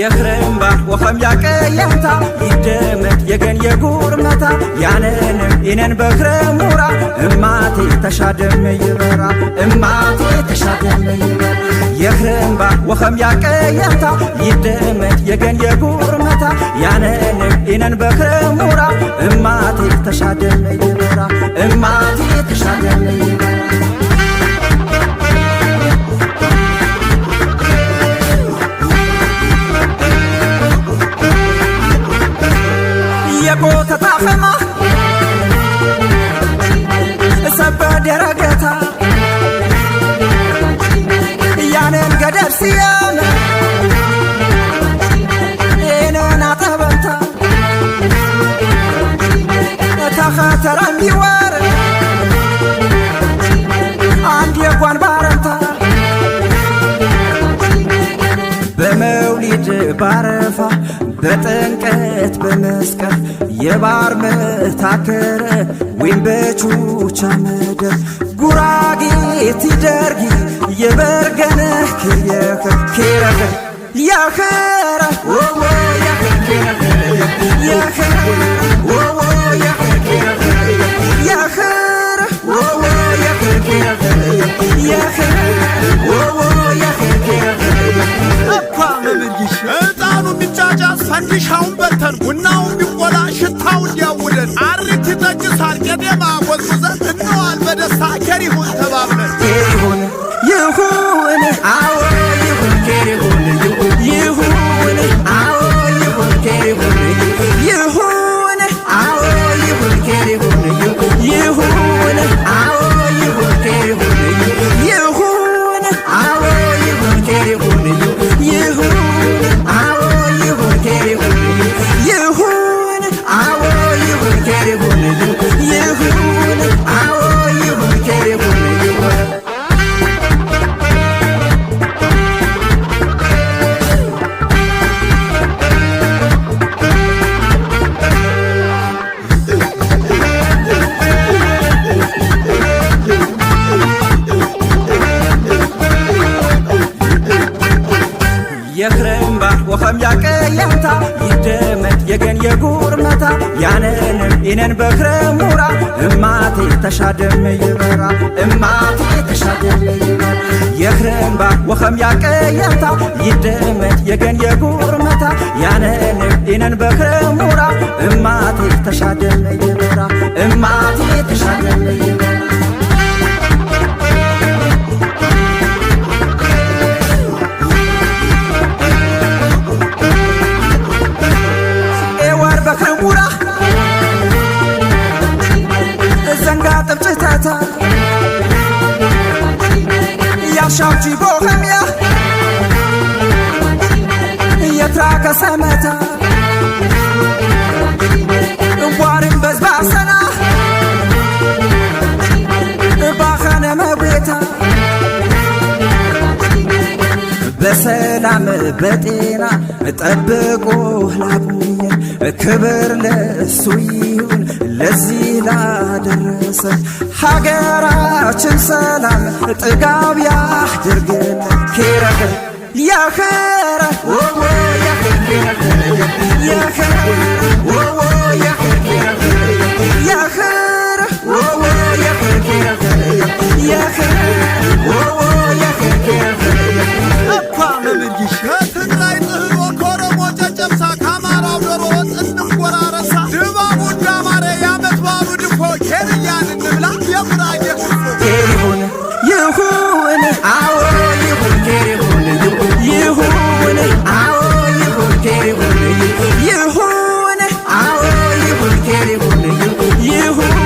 የክረምባ ወኸም ያቀየምታ ይደመት የገን የጉርመታ ያነንም ኢነን በክረሙራ እማቴ ተሻደመ ይበራ እማቴ ተሻደመ ይበራ የክረምባ ወኸም ያቀየምታ ይደመት የገን የጉርመታ ያነንም ኢነን በክረሙራ እማቴ ተሻደመ ይበራ እማቴ ተሻደመ ይበራ namoota taafema sabbaa daragata yaaneen gadabsiyaan eenoonaa tabata takhaataramii waan. ባረፋ በጥምቀት በመስቀል የባር መታከረ ወይም በቹቻ መደር ጉራጌ ትደርጊ የበርገነ ክየኸ ኬረኸ ያኸረ ያኸረ ውናው እንዲቆላ ሽታው እንዲያውደን አሪቲ ጠጅ ሳር ቀጤማ ጎዝጉዘን እንዋል በደስታ ቸር ይሁን የክረምባ ወኸም ያቀየምታ ይደመት የገን የጉርመታ ያነንም ኢነን በክረሙራ እማቴ ተሻደመ ይበራ እማቴ ተሻደም ይበራ የክረምባ ወኸም ያቀየምታ ይደመት የገን የጉርመታ ያነንም ኢነን በክረሙራ እማቴ ተሻደም ይበራ እማቴ ተሻደም ይበራ pura Zangatem czy tata Ja szałci bohemia Ja traka sameta በሰላም በጤና ጠብቆ ላቆየ ክብር ለሱ ይሁን ለዚህ ላደረሰ ሀገራችን ሰላም ጥጋብ ያድርግን ኪረክ ያኸረ ወወ ያኸረ ያኸረ you